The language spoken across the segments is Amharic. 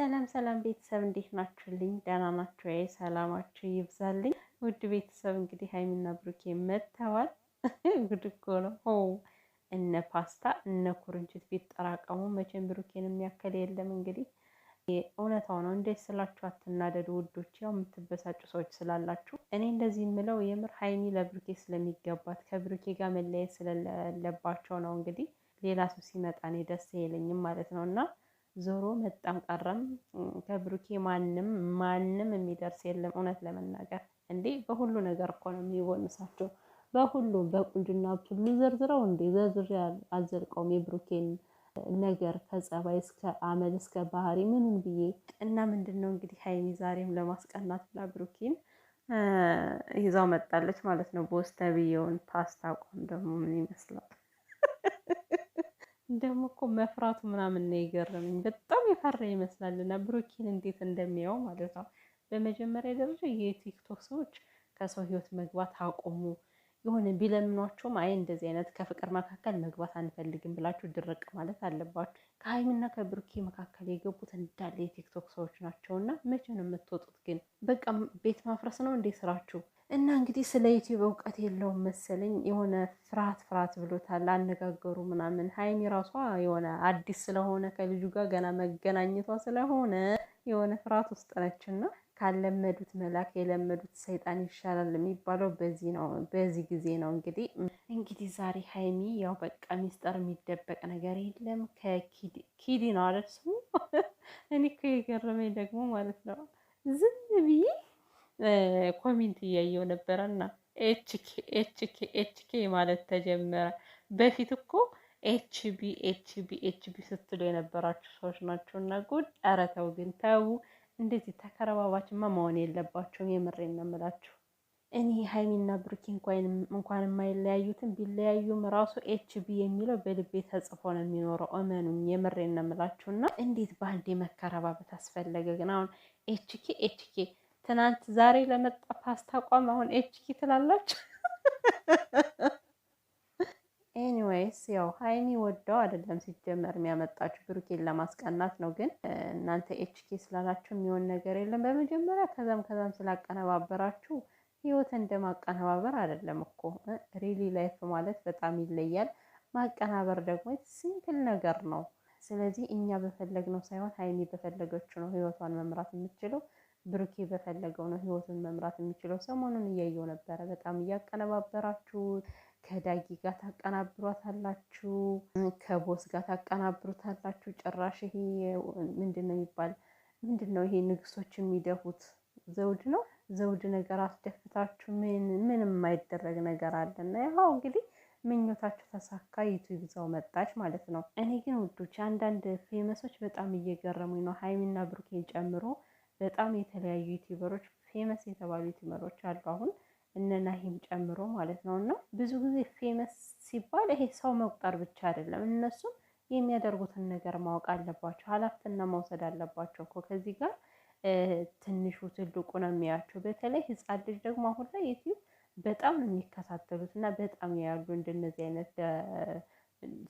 ሰላም ሰላም ቤተሰብ እንዴት ናችሁልኝ? ደህና ናችሁ? ሰላማችሁ ይብዛልኝ። ውድ ቤተሰብ እንግዲህ ሀይሚና ብሩኬ መጥተዋል። ጉድ እኮ ነው። ሆ እነ ፓስታ እነ ኩርንችት ቢጠራቀሙ መቼም ብሩኬን የሚያከል የለም። እንግዲህ እውነታው ነው። እንዴት ስላችሁ አትናደዱ ውዶች፣ ያው የምትበሳጩ ሰዎች ስላላችሁ። እኔ እንደዚህ የምለው የምር ሀይሚ ለብሩኬ ስለሚገባት ከብሩኬ ጋር መለያየት ስለለባቸው ነው። እንግዲህ ሌላ ሰው ሲመጣ እኔ ደስ አይለኝም ማለት ነው እና ዞሮ መጣም ቀረም ከብሩኬ ማንም ማንም የሚደርስ የለም። እውነት ለመናገር እንዴ በሁሉ ነገር እኮ ነው የሚወንሳቸው፣ በሁሉም በቁንጅናቸው ልዘርዝረው እንዴ ዘርዝር አልዘልቀውም የብሩኬን ነገር ከጸባይ እስከ አመል እስከ ባህሪ ምኑን ብዬ እና ምንድን ነው እንግዲህ ሀይሚ ዛሬም ለማስቀናት ብላ ብሩኬን ይዛው መጣለች ማለት ነው። በወስተብየውን ፓስታ አቋም ደግሞ ምን ይመስላል? ደግሞ እኮ መፍራቱ ምናምን ነው የገረመኝ። በጣም የፈራ ይመስላል እና ብሩኬን እንዴት እንደሚያው ማለት ነው። በመጀመሪያ ደረጃ የቲክቶክ ሰዎች ከሰው ህይወት መግባት አቁሙ። የሆነ ቢለምኗቸውም አይ እንደዚህ አይነት ከፍቅር መካከል መግባት አንፈልግም ብላችሁ ድርቅ ማለት አለባችሁ። ከሀይሚና ከብሩኬ መካከል የገቡት እንዳለ የቲክቶክ ሰዎች ናቸው። እና መቼ ነው የምትወጡት ግን? በቃ ቤት ማፍረስ ነው እንዴ ስራችሁ? እና እንግዲህ ስለ ዩቲዩብ እውቀት የለውም መሰለኝ የሆነ ፍርሃት ፍርሃት ብሎታል አነጋገሩ ምናምን። ሀይሚ ራሷ የሆነ አዲስ ስለሆነ ከልጁ ጋር ገና መገናኘቷ ስለሆነ የሆነ ፍርሃት ውስጥ ነችና ካለመዱት መላክ የለመዱት ሰይጣን ይሻላል የሚባለው በዚህ ነው፣ በዚህ ጊዜ ነው። እንግዲህ እንግዲህ ዛሬ ሀይሚ ያው በቃ ሚስጠር የሚደበቅ ነገር የለም። ከኪዲ ነው አለ ስሙ። እኔ እኮ የገረመኝ ደግሞ ማለት ነው ዝም ብዬ ኮሜንት እያየው ነበረ እና ኤችኬ ኤችኬ ኤችኬ ማለት ተጀመረ። በፊት እኮ ኤችቢ ኤችቢ ኤችቢ ስትሉ የነበራችሁ ሰዎች ናቸው። እና ጉድ! ኧረ ተው ግን ተው፣ እንደዚህ ተከረባባችማ መሆን የለባቸውም። የምሬ ነው የምላችሁ። እኔ ሀይሚና ብሩኪ እንኳን የማይለያዩትን ቢለያዩም ራሱ ኤችቢ የሚለው በልቤ ተጽፎ ነው የሚኖረው። እመኑኝ፣ የምሬ ነው የምላችሁ። እና እንዴት በአንዴ መከረባበት አስፈለገ ግን አሁን ኤችኬ ኤችኬ ትናንት ዛሬ ለመጣ ፓስታ ቋም አሁን ኤችኪ ትላላችሁ። ኤኒዌይስ ያው ሀይሚ ወደው አይደለም ሲጀመር የሚያመጣችሁ ብሩኬን ለማስቀናት ነው። ግን እናንተ ኤችኪ ስላላችሁ የሚሆን ነገር የለም። በመጀመሪያ ከዛም ከዛም ስላቀነባበራችሁ ህይወት እንደማቀነባበር አይደለም እኮ ሪሊ ላይፍ ማለት በጣም ይለያል። ማቀናበር ደግሞ ሲምፕል ነገር ነው። ስለዚህ እኛ በፈለግነው ሳይሆን ሀይሚ በፈለገችው ነው ህይወቷን መምራት የምትችለው። ብሩኬ በፈለገው ነው ህይወቱን መምራት የሚችለው። ሰሞኑን እያየው ነበረ። በጣም እያቀነባበራችሁ ከዳጊ ጋር ታቀናብሯታላችሁ፣ ከቦስ ጋር ታቀናብሩታላችሁ። ጭራሽ ይሄ ምንድን ነው የሚባል ምንድን ነው ይሄ ንግሶች የሚደፉት ዘውድ ነው። ዘውድ ነገር አስደፍታችሁ ምን ምንም የማይደረግ ነገር አለና ይኸው እንግዲህ ምኞታችሁ ተሳካ። ይቱ ይብዛው መጣች ማለት ነው። እኔ ግን ውዶች አንዳንድ ፌመሶች በጣም እየገረሙኝ ነው ሀይሚና ብሩኬን ጨምሮ በጣም የተለያዩ ዩቲዩበሮች ፌመስ የተባሉ ዩቲዩበሮች አሉ አሁን እነ ናሂም ጨምሮ ማለት ነው። እና ብዙ ጊዜ ፌመስ ሲባል ይሄ ሰው መቁጠር ብቻ አይደለም፣ እነሱም የሚያደርጉትን ነገር ማወቅ አለባቸው፣ ኃላፊትና መውሰድ አለባቸው እኮ ከዚህ ጋር ትንሹ ትልቁ ነው የሚያቸው። በተለይ ህጻን ልጅ ደግሞ አሁን ላይ ዩቲዩብ በጣም ነው የሚከታተሉት እና በጣም ያሉ እንደነዚህ አይነት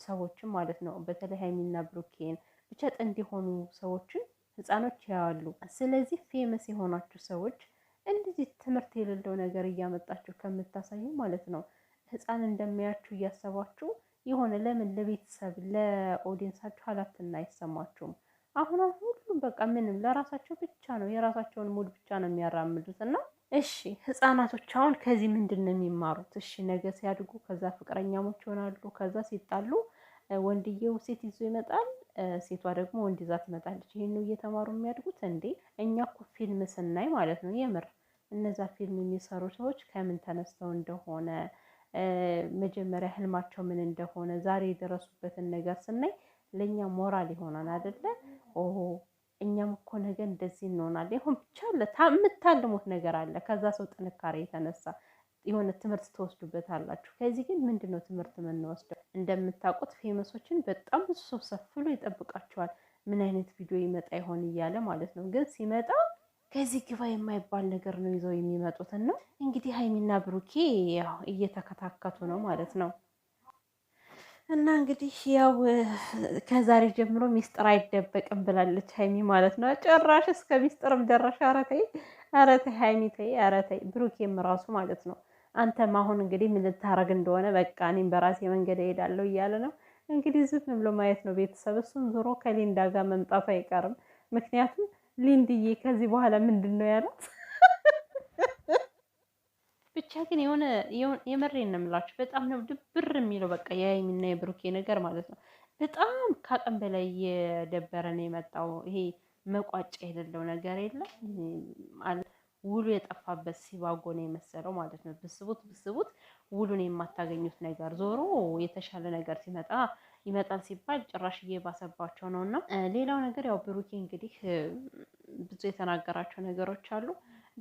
ሰዎችን ማለት ነው በተለይ ሀይሚና ብሩኬን ብቻ ጥንድ የሆኑ ሰዎችን ህፃኖች ያያሉ። ስለዚህ ፌመስ የሆናችሁ ሰዎች እንደዚህ ትምህርት የሌለው ነገር እያመጣችሁ ከምታሳዩ ማለት ነው ህፃን እንደሚያችሁ እያሰባችሁ የሆነ ለምን ለቤተሰብ ለኦዲየንሳችሁ ኃላፊነት አይሰማችሁም? አሁን አሁን ሁሉም በቃ ምንም ለራሳቸው ብቻ ነው የራሳቸውን ሙድ ብቻ ነው የሚያራምዱት። እና እሺ ህፃናቶች አሁን ከዚህ ምንድን ነው የሚማሩት? እሺ ነገ ሲያድጉ ከዛ ፍቅረኛሞች ይሆናሉ። ከዛ ሲጣሉ ወንድየው ሴት ይዞ ይመጣል ሴቷ ደግሞ ወንድ ይዛ ትመጣለች። ይህን ነው እየተማሩ የሚያድጉት እንዴ? እኛ እኮ ፊልም ስናይ ማለት ነው የምር እነዛ ፊልም የሚሰሩ ሰዎች ከምን ተነስተው እንደሆነ መጀመሪያ ህልማቸው ምን እንደሆነ ዛሬ የደረሱበትን ነገር ስናይ ለእኛ ሞራል ይሆናል አደለ? ኦሆ እኛም እኮ ነገ እንደዚህ እንሆናለን። ይሁን ብቻ የምታልሙት ነገር አለ ከዛ ሰው ጥንካሬ የተነሳ የሆነ ትምህርት ትወስዱበት አላችሁ። ከዚህ ግን ምንድን ነው ትምህርት የምንወስደው? እንደምታውቁት ፌመሶችን በጣም ብዙ ሰው ሰፍሎ ይጠብቃቸዋል። ምን አይነት ቪዲዮ ይመጣ ይሆን እያለ ማለት ነው። ግን ሲመጣ ከዚህ ግባ የማይባል ነገር ነው ይዘው የሚመጡትን ነው። እንግዲህ ሀይሚና ብሩኬ ያው እየተከታከቱ ነው ማለት ነው። እና እንግዲህ ያው ከዛሬ ጀምሮ ሚስጥር አይደበቅም ብላለች ሀይሚ ማለት ነው። ጭራሽ እስከ ሚስጥርም ደረሽ። አረተይ አረተይ፣ ሀይሚ ተይ አረተይ ብሩኬም ራሱ ማለት ነው አንተም አሁን እንግዲህ ምን ልታረግ እንደሆነ በቃ እኔም በራሴ መንገድ እሄዳለሁ እያለ ነው። እንግዲህ ዝም ብሎ ማየት ነው ቤተሰብ። እሱም ዞሮ ከሊንዳ ጋር መምጣቱ አይቀርም። ምክንያቱም ሊንድዬ ከዚህ በኋላ ምንድን ነው ያላት? ብቻ ግን የሆነ የመሬን ነው የምላችሁ። በጣም ነው ድብር የሚለው በቃ የሀይሚና የብሩኬ ነገር ማለት ነው። በጣም ከአቅም በላይ እየደበረ ነው የመጣው። ይሄ መቋጫ የሌለው ነገር የለም። ውሉ የጠፋበት ሲባጎን የመሰለው ማለት ነው። ብስቡት ብስቡት ውሉን የማታገኙት ነገር ዞሮ የተሻለ ነገር ሲመጣ ይመጣል ሲባል ጭራሽ እየባሰባቸው ነው። እና ሌላው ነገር ያው ብሩኬ እንግዲህ ብዙ የተናገራቸው ነገሮች አሉ።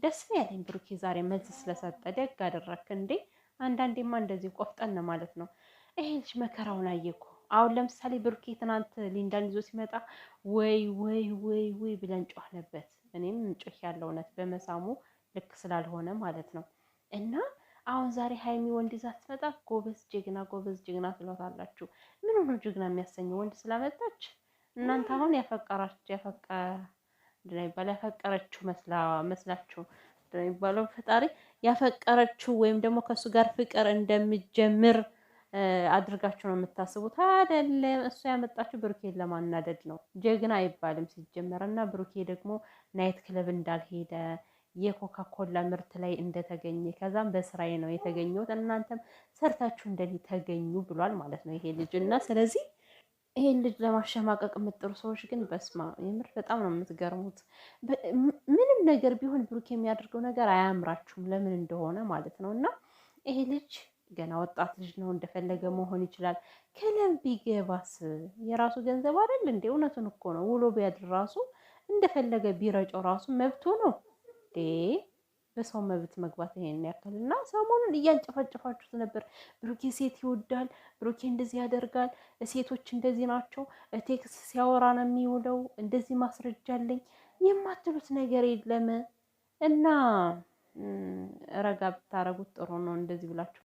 ደስ ያለኝ ብሩኬ ዛሬ መልስ ስለሰጠ ደግ አደረክ እንዴ። አንዳንዴማ እንደዚህ ቆፍጠን ማለት ነው። ይሄ ልጅ መከራውን አየኩ። አሁን ለምሳሌ ብሩኬ ትናንት ሊንዳን ይዞ ሲመጣ ወይ ወይ ወይ ወይ ብለን ጮህ እኔም እንጮህ ያለው እውነት በመሳሙ ልክ ስላልሆነ ማለት ነው። እና አሁን ዛሬ ሀይሚ ወንድ ይዛ ስትመጣ ጎበዝ ጀግና፣ ጎበዝ ጀግና ትሏታላችሁ። ምን ሆኖ ጀግና የሚያሰኘው ወንድ ስላመጣች እናንተ አሁን ያፈቀራችሁ ያፈቀ ይባል ያፈቀረችው መስላችሁ የሚባለው ፈጣሪ ያፈቀረችው ወይም ደግሞ ከእሱ ጋር ፍቅር እንደምጀምር አድርጋችሁ ነው የምታስቡት አይደለም። እሱ ያመጣችሁ ብሩኬን ለማናደድ ነው። ጀግና አይባልም ሲጀመር እና ብሩኬ ደግሞ ናይት ክለብ እንዳልሄደ የኮካ ኮላ ምርት ላይ እንደተገኘ ከዛም በስራዬ ነው የተገኘሁት እናንተም ሰርታችሁ እንደዚህ ተገኙ ብሏል ማለት ነው ይሄ ልጅ እና ስለዚህ ይሄን ልጅ ለማሸማቀቅ የምጥሩ ሰዎች ግን በስማ የምር በጣም ነው የምትገርሙት። ምንም ነገር ቢሆን ብሩክ የሚያደርገው ነገር አያምራችሁም፣ ለምን እንደሆነ ማለት ነው እና ይሄ ልጅ ገና ወጣት ልጅ ነው፣ እንደፈለገ መሆን ይችላል። ክለብ ቢገባስ የራሱ ገንዘብ አይደል እንዴ? እውነቱን እኮ ነው። ውሎ ቢያድር ራሱ እንደፈለገ ቢረጮ ራሱ መብቱ ነው በሰው መብት መግባት ይሄን ያክል እና ሰሞኑን እያንጨፋጨፋችሁት ነበር። ብሩኬ ሴት ይወዳል፣ ብሩኬ እንደዚህ ያደርጋል፣ ሴቶች እንደዚህ ናቸው፣ ቴክስ ሲያወራ ነው የሚውለው፣ እንደዚህ ማስረጃ አለኝ የማትሉት ነገር የለም እና ረጋ ብታረጉት ጥሩ ነው። እንደዚህ ብላችሁ